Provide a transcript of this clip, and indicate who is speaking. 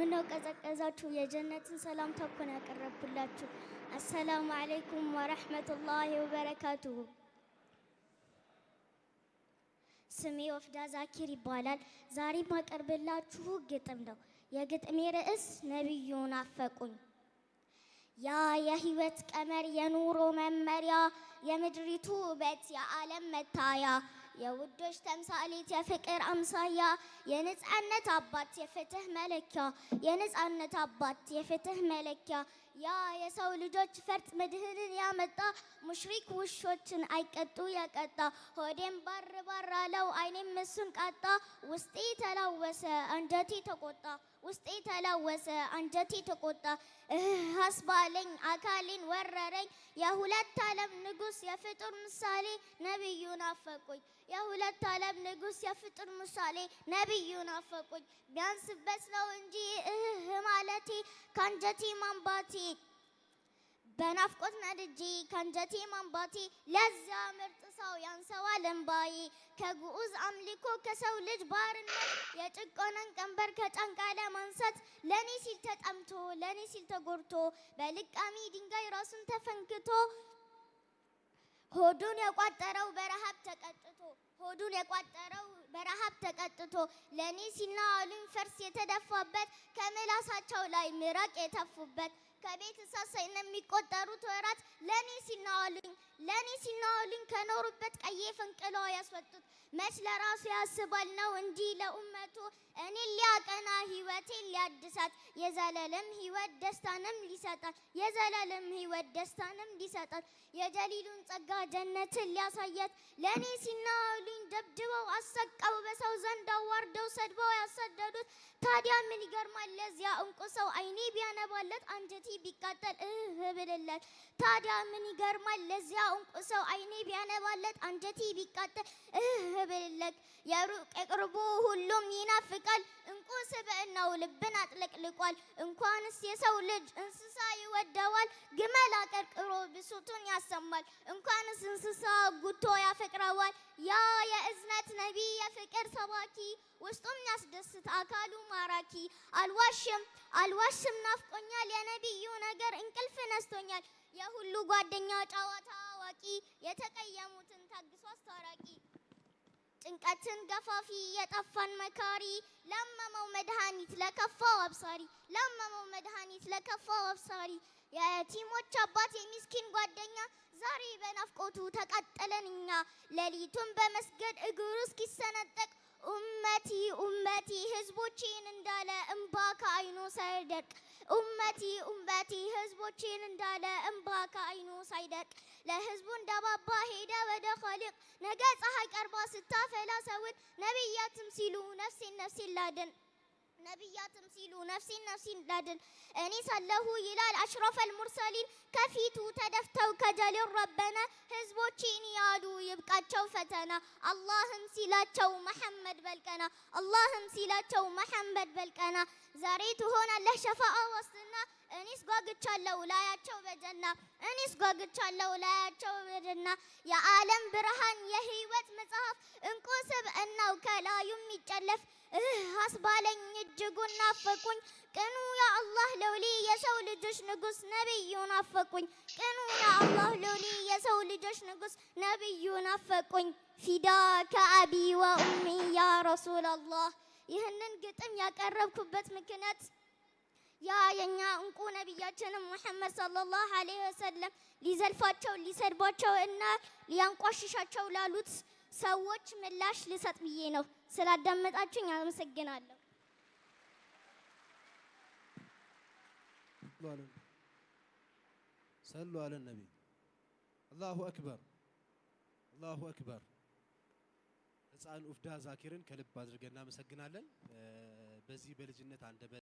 Speaker 1: ምነው ቀዘቀዛችሁ? የጀነትን ሰላምታ እኮ ነው ያቀረብኩላችሁ። አሰላሙ አለይኩም ወረሕመቱላሂ ወበረካቱሁ። ስሜ ወፍዳ ዛኪር ይባላል። ዛሬ ማቀርብላችሁ ግጥም ነው። የግጥሜ ርዕስ ነቢዩን አፈቁኝ። ያ የህይወት ቀመር የኑሮ መመሪያ የምድሪቱ ውበት የዓለም መታያ የውዶች ተምሳሌት የፍቅር አምሳያ የነፃነት አባት የፍትህ መለኪያ የነፃነት አባት የፍትህ መለኪያ ያ የሰው ልጆች ፈርጥ መድህንን ያመጣ ሙሽሪክ ውሾችን አይቀጡ ያቀጣ ሆዴም ባር ባር አለው አይኔም እሱን ቃጣ ውስጤ ተላወሰ አንጀቴ ተቆጣ ውስጤ ተላወሰ አንጀቴ ተቆጣ አስባለኝ አካሌን ወረረኝ የሁለት ዓለም ንጉሥ የፍጡር ምሳሌ ነቢዩን አፈቁኝ የሁለት ዓለም ንጉሥ የፍጡር ምሳሌ ነቢዩን አፈቁኝ ቢያንስበት ነው እንጂ እህ ማለቴ ከአንጀቴ ማንባቴ በናፍቆት ነድጄ ከንጀቴ ማንባቴ ለዚያ ምርጥ ሰው ያንሰዋል እንባዬ ከግዑዝ አምልኮ ከሰው ልጅ ባርነት የጭቆናን ቀንበር ከጫንቃ ለማንሳት ለኔ ሲል ተጠምቶ ለኔ ሲል ተጎድቶ በልቃሚ ድንጋይ ራሱን ተፈንክቶ ሆዱን የቋጠረው በረሃብ ተቀጥቶ ሆዱን የቋጠረው በረሃብ ተቀጥቶ ለኔ ሲና አሉኝ ፈርስ የተደፋበት ከምላሳቸው ላይ ምራቅ የተፉበት ከቤት እንስሳ የሚቆጠሩት ወራት ለኔ ሲናወልኝ ለኔ ሲናወልኝ ከኖሩበት ቀዬ ፍንቅለው ያስወጡት መች ለራሱ ያስባል ነው እንዲህ ለኡመቱ እኔ ሊያቀና ህይወቴ ሊያድሳት የዘለለም ህይወት ደስታንም ሊሰጣት የዘለለም ህይወት ደስታንም ሊሰጣት የጀሊሉን ጸጋ ጀነትን ሊያሳያት ለኔ ሲናወልኝ ደብድበው አሰቀው በሰው ዘንድ አዋርደው ሰድበው ያሰደዱት ታዲያ ምን ይገርማል ለዚያ እንቁ ሰው አይኔ ቢያነባለት አንጀቴ ቢቃጠል እህ ብልለት። ታዲያ ምን ይገርማል ለዚያ እንቁ ሰው አይኔ ቢያነባለት አንጀቴ ቢቃጠል እህ ብልለት። የሩቅ ቅርቡ ሁሉም ይናፍቃል እንቁ ስብዕናው ልብን አጥለቅልቋል። እንኳንስ የሰው ልጅ እንስሳ ይወደዋል። ግመል አቀርቅሮ ብሶቱን ያሰማል። እንኳንስ እንስሳ ጉቶ ያፍ ተናግረዋል። ያ የእዝነት ነቢ የፍቅር ሰባኪ ውስጡም ያስደስት አካሉ ማራኪ አልዋሽም አልዋሽም ናፍቆኛል የነቢዩ ነገር እንቅልፍ ነስቶኛል። የሁሉ ጓደኛ ጨዋታ አዋቂ የተቀየሙትን ታግሶ አስታራቂ ጭንቀትን ገፋፊ የጠፋን መካሪ ላመመው መድኃኒት ለከፋው አብሳሪ ለመመው መድኃኒት ለከፋው አብሳሪ የቲሞች አባት የሚስኪን ጓደኛ ዛሬ በናፍቆቱ ተቃጠለን እኛ ሌሊቱን በመስገድ እግሩ እስኪሰነጠቅ ኡመቲ ኡመቲ ህዝቦቼን እንዳለ እምባ ከአይኑ ሳይደርቅ ኡመቲ ኡመቲ ህዝቦቼን እንዳለ እምባ ከአይኑ ሳይደርቅ ለህዝቡ እንዳባባ ሄደ ወደ ኸሊቅ ነገ ፀሐይ ቀርባ ስታፈላ ሰውን ነቢያትም ሲሉ ነፍሴን ነፍሴን ላድን ነቢያትም ሲሉ ነፍሴን ነፍሴን ላድን እኔ ሳለሁ ይላል አሽረፈል ሙርሰሊን ከፊቱ ተደፍተው ከጀሊል ረበነ ህዝቦቼን ያሉ ይብቃቸው ፈተና አላህም ሲላቸው መሐመድ በልቀና አላህም ሲላቸው መሐመድ በልቀና ዛሬ ትሆናለህ ሸፋአ ዋስትና እኔስ ጓግቻለሁ ላያቸው በጀና እኔስ ጓግቻለሁ ላያቸው በጀና የዓለም ብርሃን የህይወት መጽሐፍ ነው ከላዩም ይጨለፍ እህ አስባለኝ እጅጉን ናፈቁኝ ቅኑ የአላህ ለውሊ የሰው ልጆች ንጉስ ነብዩ ናፈቁኝ ቅኑ የአላህ ለውሊ የሰው ልጆች ንጉስ ነብዩ ናፈቁኝ ፊዳ ከአቢ ወኡሚ ያ ረሱላላህ ይህንን ግጥም ያቀረብኩበት ምክንያት ያ የኛ እንቁ ነቢያችንም ሙሐመድ ሰለላሁ ዐለይሂ ወሰለም ሊዘልፋቸው ሊሰድባቸው እና ሊያንቋሽሻቸው ላሉት ሰዎች ምላሽ ልሰጥ ብዬ ነው። ስላዳመጣችሁኝ አመሰግናለሁ።
Speaker 2: ሰሉ አለ ነቢ። አላሁ አክበር አላሁ አክበር። ህፃን ኡፍዳ ዛኪርን ከልብ አድርገን እናመሰግናለን። በዚህ በልጅነት አንደበት